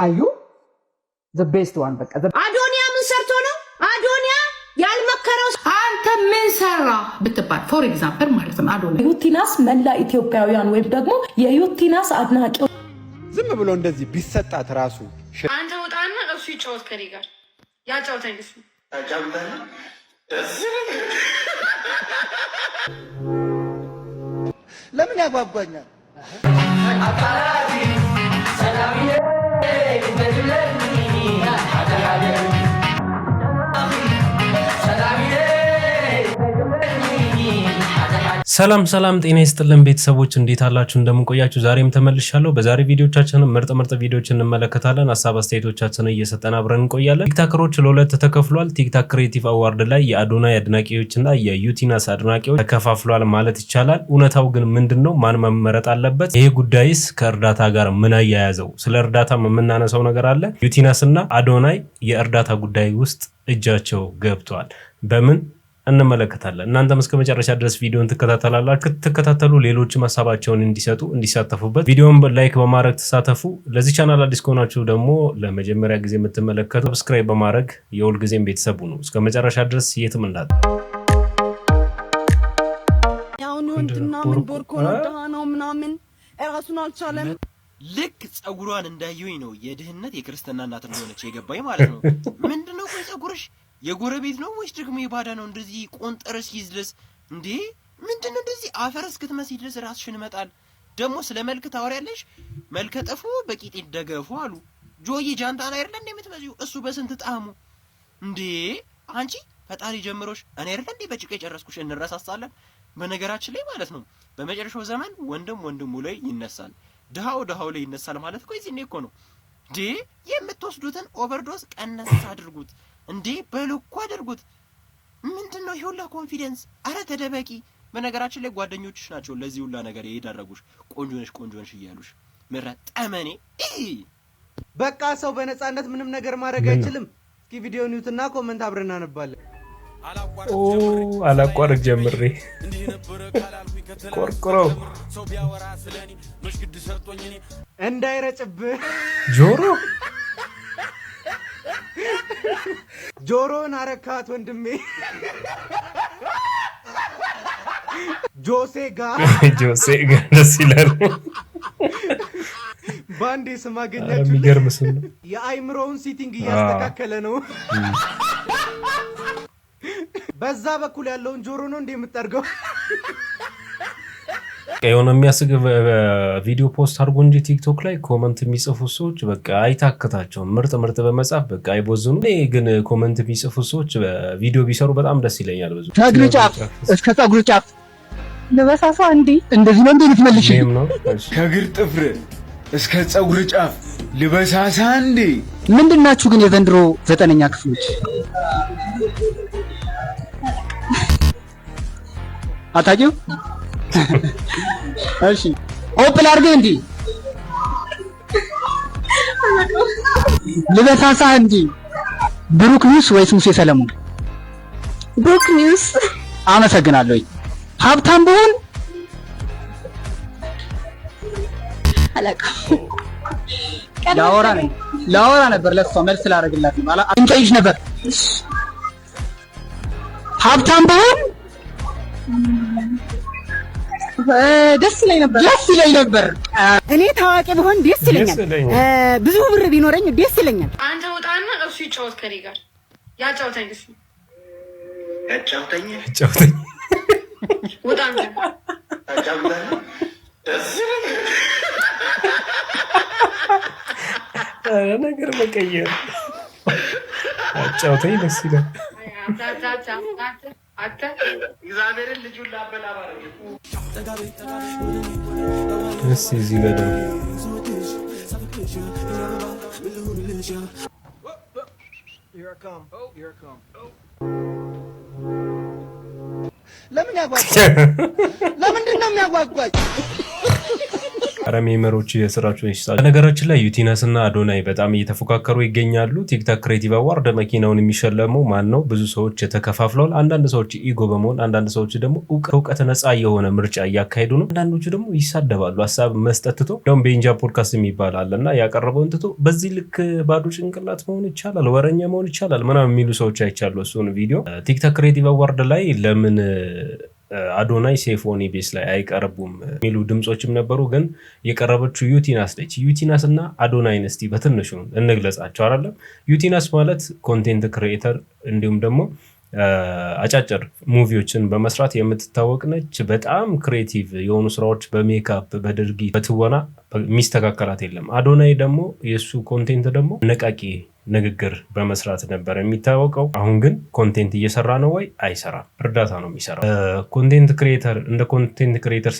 ካዩ ቤስት ዋን በቃ አዶኒያ ምን ሰርቶ ነው አዶኒያ ያልመከረው? አንተ ምን ሰራ ብትባል ፎር ኤግዛምፕል ማለት ነው አዶኒያ ዩቲናስ መላ ኢትዮጵያውያን ወይም ደግሞ የዩቲናስ አድናቂ ዝም ብሎ እንደዚህ ቢሰጣት ራሱ አንተ ወጣና እሱ ይጫወት ከኔ ጋር ያጫወተኝ ለምን ያጓጓኛል? Thank you. ሰላም ሰላም፣ ጤና ይስጥልን ቤተሰቦች እንዴት አላችሁ? እንደምንቆያችሁ ዛሬም ተመልሻለሁ። በዛሬ ቪዲዮቻችንም ምርጥ ምርጥ ቪዲዮች እንመለከታለን። ሀሳብ አስተያየቶቻችንን እየሰጠን አብረን እንቆያለን። ቲክታክሮች ለሁለት ተከፍሏል። ቲክታክ ክሬቲቭ አዋርድ ላይ የአዶናይ አድናቂዎችና የዩቲናስ አድናቂዎች ተከፋፍሏል ማለት ይቻላል። እውነታው ግን ምንድን ነው? ማን መመረጥ አለበት? ይሄ ጉዳይስ ከእርዳታ ጋር ምን አያያዘው? ስለ እርዳታ የምናነሳው ነገር አለ። ዩቲናስ እና አዶናይ የእርዳታ ጉዳይ ውስጥ እጃቸው ገብቷል። በምን እንመለከታለን። እናንተም እስከ መጨረሻ ድረስ ቪዲዮን ትከታተላላችሁ። ትከታተሉ ሌሎችም ሀሳባቸውን እንዲሰጡ እንዲሳተፉበት ቪዲዮን ላይክ በማድረግ ተሳተፉ። ለዚህ ቻናል አዲስ ከሆናችሁ ደግሞ ለመጀመሪያ ጊዜ የምትመለከቱ ሰብስክራይብ በማድረግ የሁል ጊዜም ቤተሰቡ ነው። እስከ መጨረሻ ድረስ የትም እንዳት ምናምን ራሱን አልቻለም። ልክ ጸጉሯን እንዳየኝ ነው የድህነት የክርስትና እናት እንደሆነች የገባኝ ማለት ነው። ምንድነው ጸጉርሽ የጎረቤት ነው ወይስ ደግሞ የባዳ ነው? እንደዚህ ቆንጠረ እስኪይዝ ድረስ እንዴ! ምንድን ነው እንደዚህ አፈር እስክትመስይ ድረስ ራስሽን መጣል? ደግሞ ስለ መልክ ታወሪያለሽ? መልከ ጥፉ በቂጤ ደገፉ አሉ። ጆዬ ጃንታን አይደለ እንዴ የምትመዚው? እሱ በስንት ጣሙ እንዴ! አንቺ ፈጣሪ ጀምሮሽ እኔ አይደለ እንዴ በጭቃ የጨረስኩሽ? እንረሳሳለን። በነገራችን ላይ ማለት ነው በመጨረሻው ዘመን ወንድም ወንድሙ ላይ ይነሳል፣ ድሃው ድሃው ላይ ይነሳል ማለት እኮ እዚህ እኔ እኮ ነው ዴ የምትወስዱትን ኦቨርዶስ ቀነስ አድርጉት። እንዴ በሉ እኮ አድርጉት። ምንድን ነው የሁላ ኮንፊደንስ? አረ ተደበቂ። በነገራችን ላይ ጓደኞችሽ ናቸው ለዚህ ሁላ ነገር የዳረጉሽ። ቆንጆ ነሽ፣ ቆንጆ ነሽ እያሉሽ ምረ ጠመኔ። በቃ ሰው በነፃነት ምንም ነገር ማድረግ አይችልም። እስኪ ቪዲዮ ኒውትና ኮመንት አብረን እናነባለን። አላቋርጥ ጀምሬ ቆርቆረው እንዳይረጭብህ ጆሮ ጆሮን አረካት ወንድሜ ጆሴ ጋር ጆሴ ጋር ደስ ይላል። በአንዴ ስም አገኛችሁ። የሚገርም ስም ነው። የአይምሮውን ሲቲንግ እያስተካከለ ነው። በዛ በኩል ያለውን ጆሮ ነው እንደ የምጠርገው በቃ የሆነ የሚያስገብ ቪዲዮ ፖስት አድርጎ እንጂ ቲክቶክ ላይ ኮመንት የሚጽፉ ሰዎች በቃ አይታክታቸውም። ምርጥ ምርጥ በመጻፍ በቃ አይቦዝኑ። እኔ ግን ኮመንት የሚጽፉ ሰዎች ቪዲዮ ቢሰሩ በጣም ደስ ይለኛል። ብዙ ከእግር ጫፍ እስከ ጸጉር ጫፍ ልበሳሳ እንዴ! እንደዚህ ነው እንዴ ልትመልሽ? ከእግር ጥፍር እስከ ጸጉር ጫፍ ልበሳሳ እንዴ! ምንድን ናችሁ ግን የዘንድሮ ዘጠነኛ ክፍሎች? አታውቂው እሺ ኦፕ ላድርገህ እንዴ? ልበሳሳ እንዴ? ብሩክ ኒውስ ወይስ ሙሴ ሰለሞን? ብሩክ ኒውስ። አመሰግናለሁ። ሀብታም ብሆን ላወራ ነበር ለሷ መልስ ላደርግላት እንጠይሽ ነበር ሀብታም ብሆን ደስ ይለኝ ነበር፣ ደስ ይለኝ ነበር። እኔ ታዋቂ ብሆን ደስ ይለኛል። ብዙ ብር ቢኖረኝ ደስ ይለኛል። አንተ ውጣና እሱ ይጫወት ከኔ ጋር ያጫውተኝ፣ እሱ ያጫውተኝ፣ ያጫውተኝ። ውጣ ነገር መቀየር ያጫውተኝ፣ ደስ ይላል። እግዚአብሔርን ልጁን ላበላ ለምን ያጓጓል? ለምንድን ነው የሚያጓጓል? ተቃራኒ መሪዎች የስራቸውን ይሳ በነገራችን ላይ ዩቲነስ እና አዶናይ በጣም እየተፎካከሩ ይገኛሉ። ቲክታክ ክሬቲቭ አዋርድ መኪናውን የሚሸለመው ማን ነው? ብዙ ሰዎች ተከፋፍለዋል። አንዳንድ ሰዎች ኢጎ በመሆን አንዳንድ ሰዎች ደግሞ እውቀት ነፃ የሆነ ምርጫ እያካሄዱ ነው። አንዳንዶቹ ደግሞ ይሳደባሉ። ሀሳብ መስጠት ትቶ እንደውም ፖድካስት የሚባል አለ እና ያቀረበውን ትቶ በዚህ ልክ ባዶ ጭንቅላት መሆን ይቻላል፣ ወረኛ መሆን ይቻላል ምናምን የሚሉ ሰዎች አይቻሉ። እሱን ቪዲዮ ቲክታክ ክሬቲቭ አዋርድ ላይ ለምን አዶናይ ሴፎኒ ቤስ ላይ አይቀርቡም የሚሉ ድምፆችም ነበሩ። ግን የቀረበችው ዩቲናስ ነች። ዩቲናስ እና አዶናይን እስቲ በትንሹ እንግለጻቸው አይደለም። ዩቲናስ ማለት ኮንቴንት ክሪኤተር እንዲሁም ደግሞ አጫጭር ሙቪዎችን በመስራት የምትታወቅ ነች። በጣም ክሬቲቭ የሆኑ ስራዎች በሜካፕ በድርጊት፣ በትወና የሚስተካከላት የለም። አዶናይ ደግሞ የእሱ ኮንቴንት ደግሞ ነቃቂ ንግግር በመስራት ነበር የሚታወቀው። አሁን ግን ኮንቴንት እየሰራ ነው ወይ? አይሰራም። እርዳታ ነው የሚሰራ። ኮንቴንት ክሬተር እንደ ኮንቴንት ክሬተር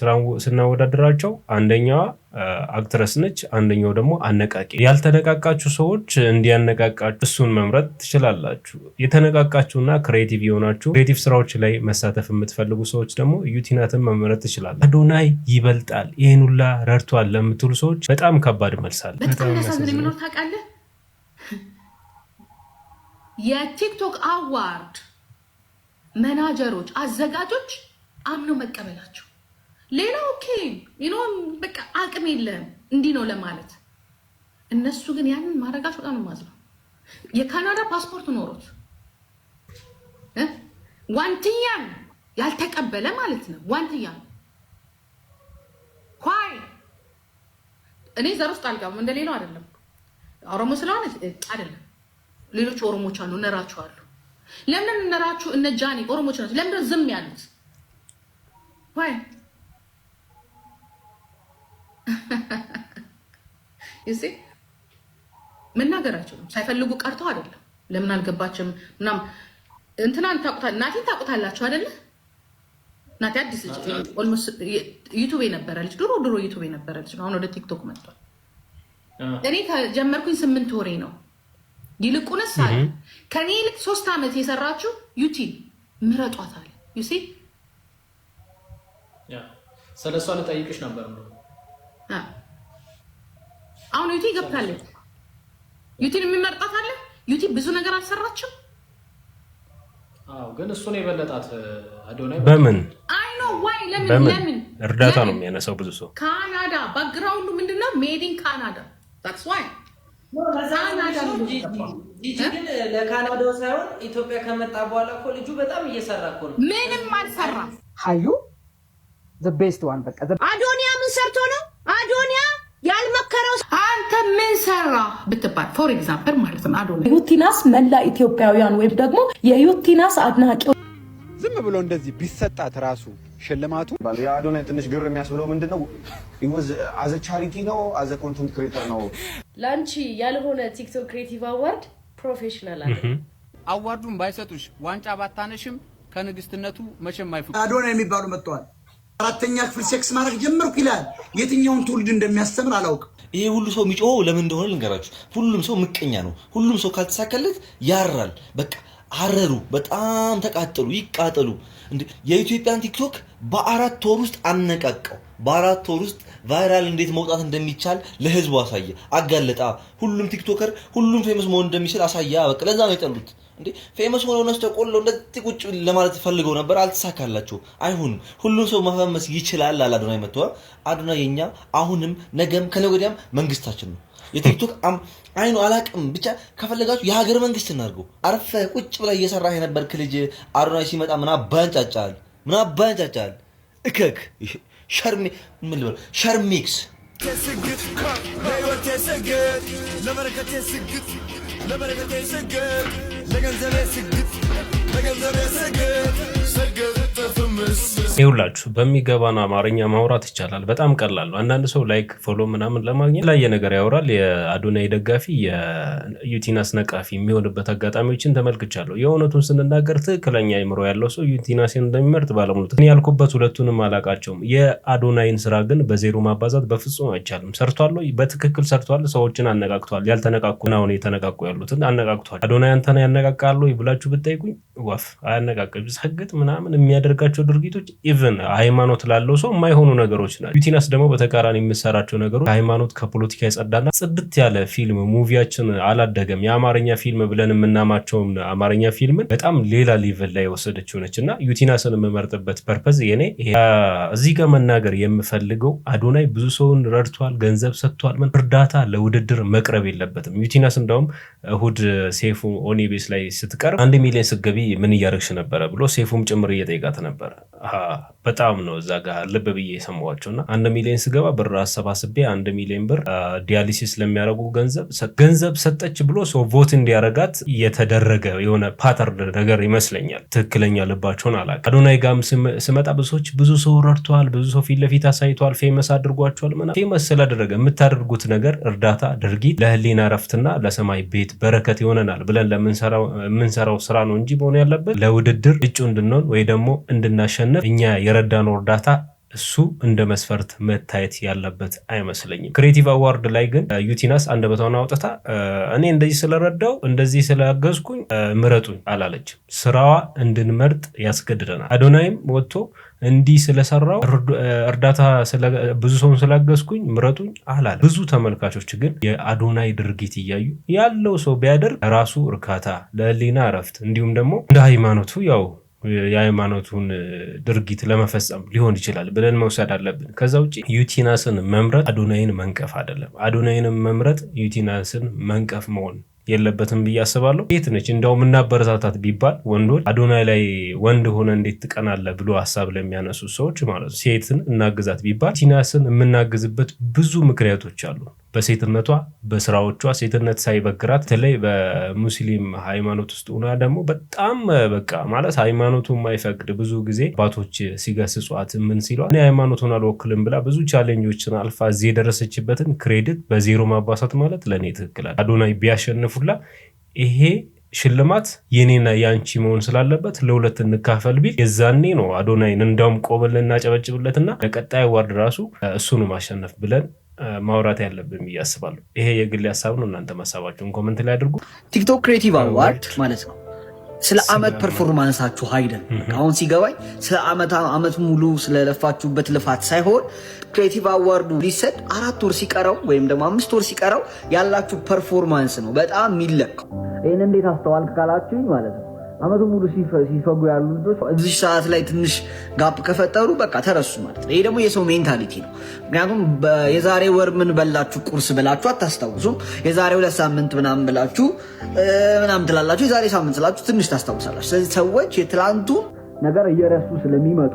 ስናወዳደራቸው አንደኛዋ አክትረስ ነች፣ አንደኛው ደግሞ አነቃቂ። ያልተነቃቃችሁ ሰዎች እንዲያነቃቃችሁ እሱን መምረጥ ትችላላችሁ። የተነቃቃችሁና ክሬቲቭ የሆናችሁ ክሬቲቭ ስራዎች ላይ መሳተፍ የምትፈልጉ ሰዎች ደግሞ ዩቲናትን መምረጥ ትችላላችሁ። አዶናይ ይበልጣል፣ ይህን ሁላ ረድቷል ለምት የምትሉ ሰዎች በጣም ከባድ መልሳል። በጣም ያሳዝን የቲክቶክ አዋርድ መናጀሮች፣ አዘጋጆች አምነው መቀበላቸው። ሌላ ኦኬ ኖ በቃ አቅም የለም እንዲህ ነው ለማለት እነሱ ግን ያንን ማድረጋቸው በጣም ማዝ ነው። የካናዳ ፓስፖርት ኖሮት ዋንትያን ያልተቀበለ ማለት ነው ዋንትያን እኔ ዘር ውስጥ አልገባም። እንደሌላው አይደለም። ኦሮሞ ስለሆነ አይደለም። ሌሎች ኦሮሞች አሉ፣ እነራችሁ አሉ። ለምን እነራችሁ እነ ጃኒ ኦሮሞች ናቸው። ለምንድን ዝም ያሉት? ወይ ጊዜ መናገር ሳይፈልጉ ቀርተው አይደለም። ለምን አልገባችም ምናምን እንትናን ታውቁታል፣ እናቴን ታውቁታላችሁ አይደለም? ናት። አዲስ ልጅ ዩቱብ የነበረ ልጅ ድሮ ድሮ ዩቱብ የነበረ ልጅ ነው። አሁን ወደ ቲክቶክ መጥቷል። እኔ ከጀመርኩኝ ስምንት ወሬ ነው። ይልቁንስ አለ ከኔ ይልቅ ሶስት ዓመት የሰራችው ዩቲ ምረጧታል። ዩሲ ስለሷ ልጠይቅሽ ነበር። አሁን ዩቲ ገብታለች። ዩቲን የሚመርጣት አለ። ዩቲ ብዙ ነገር አልሰራችም፣ ግን እሱን የበለጣት በምን በምን እርዳታ ነው የሚያነሳው? ብዙ ሰው ካናዳ ባክግራውንዱ ምንድነው? ሜድ ኢን ካናዳ ለካናዳው ሳይሆን ኢትዮጵያ ከመጣ በኋላ እኮ ልጁ በጣም እየሰራ እኮ ነው። ምንም አልሰራ ሀዩ ቤስት ዋን በቃ አዶኒያ ምን ሰርቶ ነው አዶኒያ ያልመከረው አንተ ምን ሰራ ብትባል ፎር ኤግዛምፕል ማለት ነው። አዶኒያ ዩቲናስ መላ ኢትዮጵያውያን ወይም ደግሞ የዩቲናስ አድናቂው ዝም ብሎ እንደዚህ ቢሰጣት ራሱ ሽልማቱ የአዶና ትንሽ ግር የሚያስብለው ምንድን ነው? አዘ ቻሪቲ ነው አዘ ኮንተንት ክሬተር ነው። ለአንቺ ያልሆነ ቲክቶክ ክሬቲቭ አዋርድ ፕሮፌሽናል አለ። አዋርዱን ባይሰጡሽ ዋንጫ ባታነሽም ከንግስትነቱ መቼም አይፍ አዶና የሚባሉ መጥተዋል። አራተኛ ክፍል ሴክስ ማድረግ ጀምርኩ ይላል። የትኛውን ትውልድ እንደሚያስተምር አላውቅም። ይሄ ሁሉ ሰው የሚጮኸው ለምን እንደሆነ ልንገራችሁ። ሁሉም ሰው ምቀኛ ነው። ሁሉም ሰው ካልተሳካለት ያራል። በቃ አረሩ፣ በጣም ተቃጠሉ፣ ይቃጠሉ። የኢትዮጵያን ቲክቶክ በአራት ወር ውስጥ አነቃቀው። በአራት ወር ውስጥ ቫይራል እንዴት መውጣት እንደሚቻል ለህዝቡ አሳየ፣ አጋለጣ። ሁሉም ቲክቶከር፣ ሁሉም ፌመስ መሆን እንደሚችል አሳያ። በቃ ለዛ ነው የጠሉት። እንዴ ፌመስ ሆኖ ነው ተቆልለው እንደዚህ ቁጭ ለማለት ፈልገው ነበር፣ አልተሳካላችሁ። አይሆንም፣ ሁሉም ሰው መፈመስ ይችላል አለ አዶናይ መጥተዋ። አዶናይ የኛ አሁንም፣ ነገም፣ ከነገ ወዲያም መንግስታችን ነው። የቲክቶክ አይኑ አላቅም። ብቻ ከፈለጋችሁ የሀገር መንግስት እናድርገው። አርፈ ቁጭ ብላ እየሰራህ የነበርክ ልጅ አዶናይ ሲመጣ ምን አባንጫጫል? ምን አባንጫጫል? እከክ ሸርሚ ምን ልበል ሸርሚክስ ለበረከቴ ስግጥ ለበረከቴ ስግጥ ለገንዘቤ ስግጥ ለገንዘቤ ስግጥ ስግጥ ጥፍምስ ይውላችሁ በሚገባን አማርኛ ማውራት ይቻላል። በጣም ቀላል ነው። አንዳንድ ሰው ላይክ ፎሎ ምናምን ለማግኘት ላይ የነገር ያወራል። የአዶናይ ደጋፊ የዩቲን አስነቃፊ የሚሆንበት አጋጣሚዎችን ተመልክቻለሁ። የእውነቱን ስንናገር ትክክለኛ አይምሮ ያለው ሰው ዩቲናሴን እንደሚመርጥ ባለሙሉ እኔ ያልኩበት ሁለቱንም አላቃቸውም። የአዶናይን ስራ ግን በዜሮ ማባዛት በፍጹም አይቻልም። ሰርቷል፣ በትክክል ሰርቷል። ሰዎችን አነቃቅተዋል። ያልተነቃቁ አሁን የተነቃቁ ያሉትን አነቃቅተዋል። አዶናይ አንተን ያነቃቃሉ ብላችሁ ብታይቁኝ ወፍ አያነቃቅም። ሰግጥ ምናምን የሚያደርጋቸው ድርጊቶች ኢቨን ሃይማኖት ላለው ሰው የማይሆኑ ነገሮች ናቸው። ዩቲናስ ደግሞ በተቃራኒ የምሰራቸው ነገሮች ከሃይማኖት ከፖለቲካ የጸዳና ጽድት ያለ ፊልም ሙቪያችን አላደገም። የአማርኛ ፊልም ብለን የምናማቸውም አማርኛ ፊልምን በጣም ሌላ ሌቨል ላይ የወሰደችው ነች እና ዩቲናስን የምመርጥበት ፐርፐዝ የኔ እዚህ ጋር መናገር የምፈልገው አዶናይ ብዙ ሰውን ረድቷል፣ ገንዘብ ሰጥቷል። ምን እርዳታ ለውድድር መቅረብ የለበትም። ዩቲናስ እንደውም እሁድ ሴፉ ኦኔቤስ ላይ ስትቀርብ አንድ ሚሊዮን ስገቢ ምን እያደረግሽ ነበረ ብሎ ሴፉም ጭምር እየጠየቃት ነበረ በጣም ነው እዛ ጋ ልብ ብዬ የሰማኋቸው እና አንድ ሚሊዮን ስገባ ብር አሰባስቤ አንድ ሚሊዮን ብር ዲያሊሲስ ለሚያደርጉ ገንዘብ ገንዘብ ሰጠች ብሎ ሰው ቮት እንዲያረጋት የተደረገ የሆነ ፓተርን ነገር ይመስለኛል። ትክክለኛ ልባቸውን አላውቅም። አዶናይ ጋም ስመጣ ብዙ ሰዎች ብዙ ሰው ረድተዋል፣ ብዙ ሰው ፊት ለፊት አሳይተዋል፣ ፌመስ አድርጓቸዋል። ምናምን ፌመስ ስላደረገ የምታደርጉት ነገር እርዳታ ድርጊት ለህሊና ረፍትና ለሰማይ ቤት በረከት ይሆነናል ብለን ለምንሰራው ስራ ነው እንጂ መሆን ያለበት ለውድድር እጩ እንድንሆን ወይ ደግሞ እንድናሸንፍ እኛ የረዳነው እርዳታ እሱ እንደ መስፈርት መታየት ያለበት አይመስለኝም። ክሬቲቭ አዋርድ ላይ ግን ዩቲናስ አንደበቷን አውጥታ እኔ እንደዚህ ስለረዳው እንደዚህ ስላገዝኩኝ ምረጡኝ አላለችም። ስራዋ እንድንመርጥ ያስገድደናል። አዶናይም ወጥቶ እንዲህ ስለሰራው እርዳታ ብዙ ሰውን ስላገዝኩኝ ምረጡኝ አላለ። ብዙ ተመልካቾች ግን የአዶናይ ድርጊት እያዩ ያለው ሰው ቢያደርግ ራሱ እርካታ፣ ለህሊና እረፍት እንዲሁም ደግሞ እንደ ሃይማኖቱ ያው የሃይማኖቱን ድርጊት ለመፈጸም ሊሆን ይችላል ብለን መውሰድ አለብን። ከዛ ውጭ ዩቲናስን መምረጥ አዶናይን መንቀፍ አይደለም። አዶናይንም መምረጥ ዩቲናስን መንቀፍ መሆን የለበትም ብዬ አስባለሁ። ሴት ነች እንዲያውም እናበረታታት ቢባል ወንዶች አዶናይ ላይ ወንድ ሆነ እንዴት ትቀናለ ብሎ ሀሳብ ለሚያነሱ ሰዎች ማለት ነው። ሴትን እናግዛት ቢባል ቲናስን የምናግዝበት ብዙ ምክንያቶች አሉ። በሴትነቷ በስራዎቿ ሴትነት ሳይበግራት በተለይ በሙስሊም ሃይማኖት ውስጥ ሆና ደግሞ በጣም በቃ ማለት ሃይማኖቱ የማይፈቅድ ብዙ ጊዜ አባቶች ሲገስጿት ምን ሲሏት እኔ ሃይማኖቱን አልወክልም ብላ ብዙ ቻሌንጆችን አልፋ እዚህ የደረሰችበትን ክሬዲት በዜሮ ማባሳት ማለት ለእኔ ትክክላል። አዶናይ ቢያሸንፉ ሁላ ይሄ ሽልማት የኔና የአንቺ መሆን ስላለበት ለሁለት እንካፈል ቢል የዛኔ ነው አዶናይን እንዳውም ቆበልን እናጨበጭብለትና ለቀጣይ ዋርድ ራሱ እሱን ማሸነፍ ብለን ማውራት ያለብን ብዬ አስባለሁ። ይሄ የግል ሀሳብ ነው። እናንተ ሀሳባችሁን ኮመንት ላይ አድርጉ። ቲክቶክ ክሬቲቭ አዋርድ ማለት ነው ስለ አመት ፐርፎርማንሳችሁ አይደል? አሁን ሲገባኝ ስለ አመት አመት ሙሉ ስለለፋችሁበት ልፋት ሳይሆን ክሬቲቭ አዋርዱ ሊሰጥ አራት ወር ሲቀረው ወይም ደግሞ አምስት ወር ሲቀረው ያላችሁ ፐርፎርማንስ ነው በጣም የሚለካው። ይህን እንዴት አስተዋልክ ካላችሁኝ ማለት ነው አመቱ ሙሉ ሲፈጉ ያሉ ልጆች እዚህ ሰዓት ላይ ትንሽ ጋፕ ከፈጠሩ በቃ ተረሱ ማለት ነው። ይሄ ደግሞ የሰው ሜንታሊቲ ነው። ምክንያቱም የዛሬ ወር ምን በላችሁ ቁርስ ብላችሁ አታስታውሱም። የዛሬ ሁለት ሳምንት ምናምን ብላችሁ ምናምን ትላላችሁ። የዛሬ ሳምንት ስላችሁ ትንሽ ታስታውሳላችሁ። ስለዚህ ሰዎች የትላንቱን ነገር እየረሱ ስለሚመጡ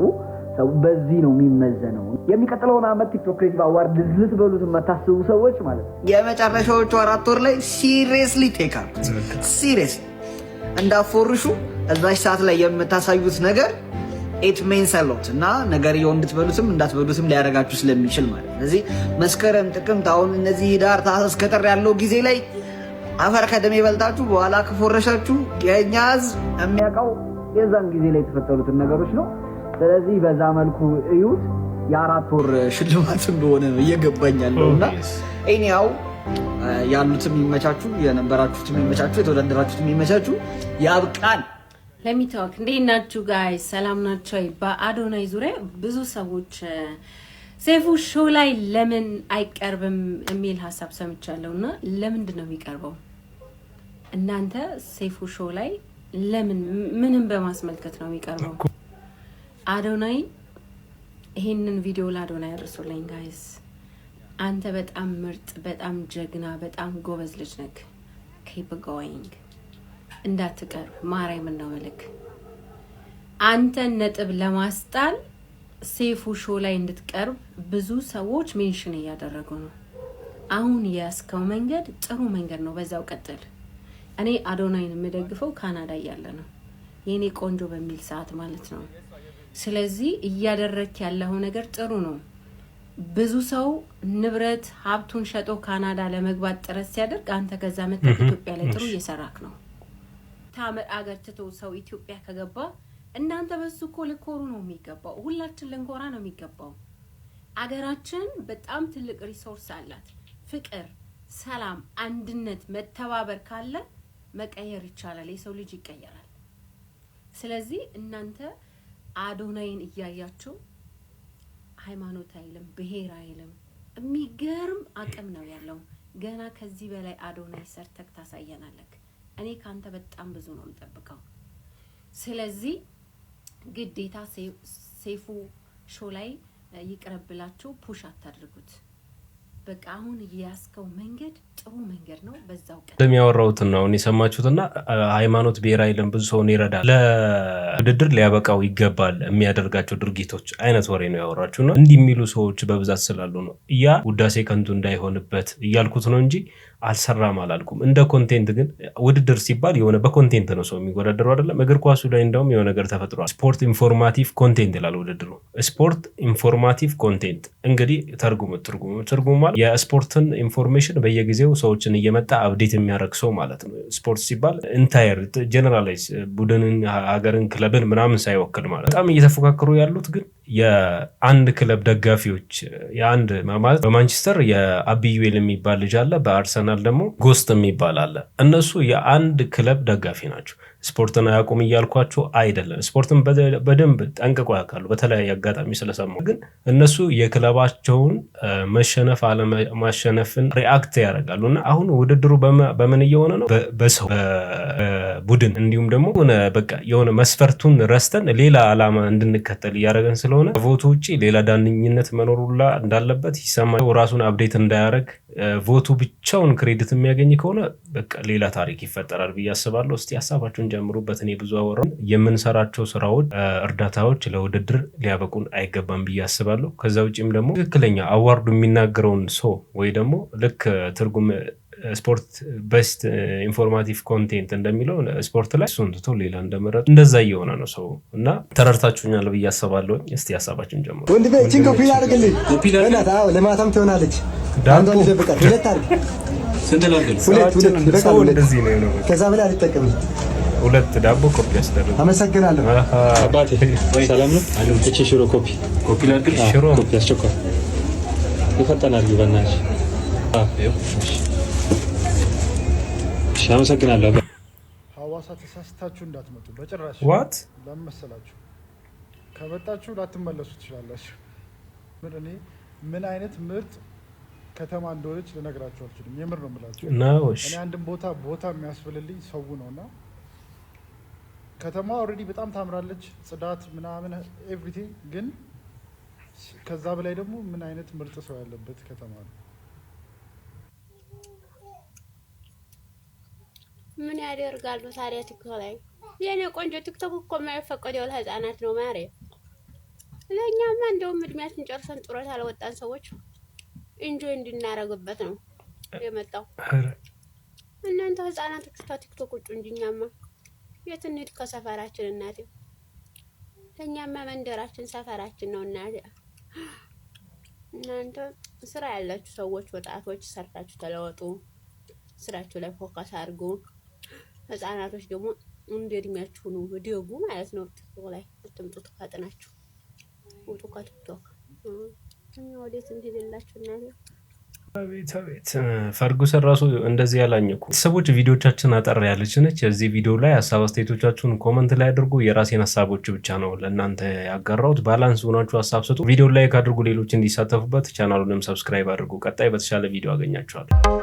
በዚህ ነው የሚመዘነው። የሚቀጥለውን አመት ቲክቶክ ክሬቲቭ አዋርድ ልትበሉት የማታስቡ ሰዎች ማለት ነው የመጨረሻዎቹ አራት ወር ላይ ሲሪየስሊ ቴክ አርጉት ሲሪየስሊ እንዳፎርሹ እዛች ሰዓት ላይ የምታሳዩት ነገር ኤት ሜንስ አሎት እና ነገርየው እንድትበሉትም እንዳትበሉትም ሊያደርጋችሁ ስለሚችል ማለት ስለዚህ መስከረም፣ ጥቅምት አሁን እነዚህ ዳር ታህሳስ ከጥር ያለው ጊዜ ላይ አፈር ከደሜ ይበልጣችሁ በኋላ ከፎረሻችሁ የእኛ ህዝብ የሚያውቀው የዛን ጊዜ ላይ የተፈጠሩትን ነገሮች ነው። ስለዚህ በዛ መልኩ እዩት። የአራት ወር ሽልማት እንደሆነ እየገባኛለሁ እና ኒያው ያሉትም ይመቻቹ፣ የነበራችሁትም ይመቻቹ፣ የተወዳደራችሁትም ይመቻቹ። ያብቃን። ለሚታወክ እንዴ ናችሁ ጋይ? ሰላም ናቸው። በአዶናይ ዙሪያ ብዙ ሰዎች ሴፉ ሾው ላይ ለምን አይቀርብም የሚል ሀሳብ ሰምቻለሁ እና ለምንድን ነው የሚቀርበው? እናንተ ሴፉ ሾው ላይ ለምን ምንም በማስመልከት ነው የሚቀርበው? አዶናይ ይሄንን ቪዲዮ ለአዶናይ አድርሱልኝ ጋይስ። አንተ በጣም ምርጥ፣ በጣም ጀግና፣ በጣም ጎበዝ ልጅ ነክ። ኪፕ ጎይንግ እንዳትቀር ማርያምን ነው መልክ። አንተን ነጥብ ለማስጣል ሴፉ ሾ ላይ እንድትቀርብ ብዙ ሰዎች ሜንሽን እያደረጉ ነው። አሁን የያዝከው መንገድ ጥሩ መንገድ ነው፣ በዛው ቀጥል። እኔ አዶናይን የምደግፈው ካናዳ እያለ ነው የእኔ ቆንጆ በሚል ሰዓት ማለት ነው። ስለዚህ እያደረክ ያለው ነገር ጥሩ ነው። ብዙ ሰው ንብረት ሀብቱን ሸጦ ካናዳ ለመግባት ጥረት ሲያደርግ አንተ ከዛ መጣ ኢትዮጵያ ላይ ጥሩ እየሰራክ ነው። ታምር አገር ትቶ ሰው ኢትዮጵያ ከገባ እናንተ በሱ እኮ ልኮሩ ነው የሚገባው። ሁላችን ልንኮራ ነው የሚገባው። አገራችን በጣም ትልቅ ሪሶርስ አላት። ፍቅር፣ ሰላም፣ አንድነት፣ መተባበር ካለ መቀየር ይቻላል። የሰው ልጅ ይቀየራል። ስለዚህ እናንተ አዶናይን እያያችሁ ሃይማኖት አይልም፣ ብሄር አይልም። የሚገርም አቅም ነው ያለው። ገና ከዚህ በላይ አዶናይ ሰርተክ ታሳየናለክ። እኔ ከአንተ በጣም ብዙ ነው የምጠብቀው። ስለዚህ ግዴታ ሴፉ ሾ ላይ ይቅረብላችሁ፣ ፑሽ አታድርጉት። በቃ አሁን የያዝከው መንገድ ጥሩ መንገድ ነው። በዛው ቀን ነው የሰማችሁትና ሃይማኖት ብሔር አይልም፣ ብዙ ሰውን ይረዳል፣ ለውድድር ሊያበቃው ይገባል የሚያደርጋቸው ድርጊቶች አይነት ወሬ ነው ነው እንዲህ የሚሉ ሰዎች በብዛት ስላሉ ነው ያ ውዳሴ ከንቱ እንዳይሆንበት እያልኩት ነው እንጂ አልሰራም አላልኩም። እንደ ኮንቴንት ግን ውድድር ሲባል የሆነ በኮንቴንት ነው ሰው የሚወዳደሩ አይደለም። እግር ኳሱ ላይ እንደውም የሆነ ነገር ተፈጥሯል። ስፖርት ኢንፎርማቲቭ ኮንቴንት ይላል ውድድሩ። ስፖርት ኢንፎርማቲቭ ኮንቴንት እንግዲህ ተርጉሙ ትርጉሙ ትርጉሙ የስፖርትን ኢንፎርሜሽን በየጊዜው ሰዎችን እየመጣ አብዴት የሚያደርግ ሰው ማለት ነው። ስፖርት ሲባል ኢንታየር ጀነራላይዝ ቡድንን፣ ሀገርን፣ ክለብን ምናምን ሳይወክል ማለት በጣም እየተፎካከሩ ያሉት ግን የአንድ ክለብ ደጋፊዎች የአንድ ማለት በማንቸስተር የአቢዩኤል የሚባል ልጅ አለ፣ በአርሰናል ደግሞ ጎስት የሚባል አለ። እነሱ የአንድ ክለብ ደጋፊ ናቸው። ስፖርትን አያውቁም እያልኳቸው አይደለም። ስፖርትን በደንብ ጠንቅቆ ያውቃሉ። በተለያየ አጋጣሚ ስለሰማ ግን እነሱ የክለባቸውን መሸነፍ አለማሸነፍን ሪአክት ያደርጋሉ እና አሁን ውድድሩ በምን እየሆነ ነው? በሰው ቡድን፣ እንዲሁም ደግሞ በቃ የሆነ መስፈርቱን ረስተን ሌላ ዓላማ እንድንከተል እያደረገን ስለሆነ ከቮቱ ውጭ ሌላ ዳንኝነት መኖሩላ እንዳለበት ይሰማ ራሱን አብዴት እንዳያደርግ ቮቱ ብቻውን ክሬዲት የሚያገኝ ከሆነ በቃ ሌላ ታሪክ ይፈጠራል ብዬ አስባለሁ። እስቲ ሀሳባችሁን ጀምሩበት። እኔ ብዙ አወራን። የምንሰራቸው ስራዎች፣ እርዳታዎች ለውድድር ሊያበቁን አይገባም ብዬ አስባለሁ። ከዛ ውጭም ደግሞ ትክክለኛ አዋርዱ የሚናገረውን ሰው ወይ ደግሞ ልክ ትርጉም ስፖርት በስት ኢንፎርማቲቭ ኮንቴንት እንደሚለው ስፖርት ላይ እሱን ትቶ ሌላ እንደመረጡ እንደዛ እየሆነ ነው ሰው እና ተረድታችሁኛል ብዬ አስባለሁ። እስቲ ሀሳባችን ጀምሩ። ወንድሜ ኮፒ አድርግልኝ፣ ለማታም ትሆናለች። ከዛ በላይ አልጠቀምም። ሁለት ዳቦ ኮፒ ያስደረግ። አመሰግናለሁ አባቴ። ሰላም ነው። እቺ ሽሮ ኮፒ ኮፒ ላድርግ። ሽሮ ኮፒ አስቸኳይ ይፈጠናል። በእናትሽ አመሰግናለሁ። ሐዋሳ ተሳስታችሁ እንዳትመጡ በጭራሽ። ዋት ለመሰላችሁ ከመጣችሁ ላትመለሱ ትችላላችሁ። እኔ ምን አይነት ምርጥ ከተማ እንደሆነች ልነግራችሁ አልችልም። የምር ነው የምላችሁ። እኔ አንድም ቦታ ቦታ የሚያስብልልኝ ሰው ነው እና ከተማ ኦልሬዲ በጣም ታምራለች፣ ጽዳት ምናምን ኤቭሪቲንግ። ግን ከዛ በላይ ደግሞ ምን አይነት ምርጥ ሰው ያለበት ከተማ ነው። ምን ያደርጋሉ ታዲያ? ቲክቶክ ላይ የእኔ ቆንጆ ቲክቶክ እኮ የማይፈቀደው ለህፃናት ነው ማሬ። ለእኛማ እንደውም እድሜያችን ጨርሰን ጡረታ አልወጣን ሰዎች ኢንጆይ እንድናረግበት ነው የመጣው። እናንተ ህፃናት ቲክቶክ ውጭ እንጂ እኛማ የት እንሂድ ከሰፈራችን እናቴ። ለእኛማ መንደራችን ሰፈራችን ነው እናቴ። እናንተ ስራ ያላችሁ ሰዎች ወጣቶች ሰርታችሁ ተለወጡ። ስራችሁ ላይ ፎከስ አድርጉ። ህጻናቶች ደግሞ እንደ እድሜያችሁ ነው ደጉ ማለት ነው። ቲክቶክ ላይ አትምጡ፣ ተፋጥናችሁ ውጡ ከቲክቶክ እኛ ወዴት እንደሌላችሁ እናያለን። ቤት ቤት ፈርጉሰን ራሱ እንደዚህ ያላኝኩ ቤተሰቦች ቪዲዮቻችን አጠር ያለች ነች። እዚህ ቪዲዮ ላይ ሀሳብ አስተያየቶቻችሁን ኮመንት ላይ አድርጉ። የራሴን ሀሳቦች ብቻ ነው ለእናንተ ያጋራሁት። ባላንስ ሆናችሁ ሀሳብ ስጡ። ቪዲዮ ላይ ካድርጉ ሌሎች እንዲሳተፉበት። ቻናሉንም ሰብስክራይብ አድርጉ። ቀጣይ በተሻለ ቪዲዮ አገኛችኋለሁ።